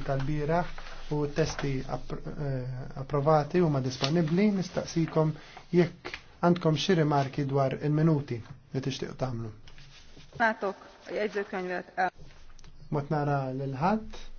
tal-biraħ u testi eh, approvati huma disponibbli nistaqsikom jekk għandkom xi rimarki dwar il-minuti li tixtieq tagħmlu. Natok, jgħidżu Mot nara l-ħadd.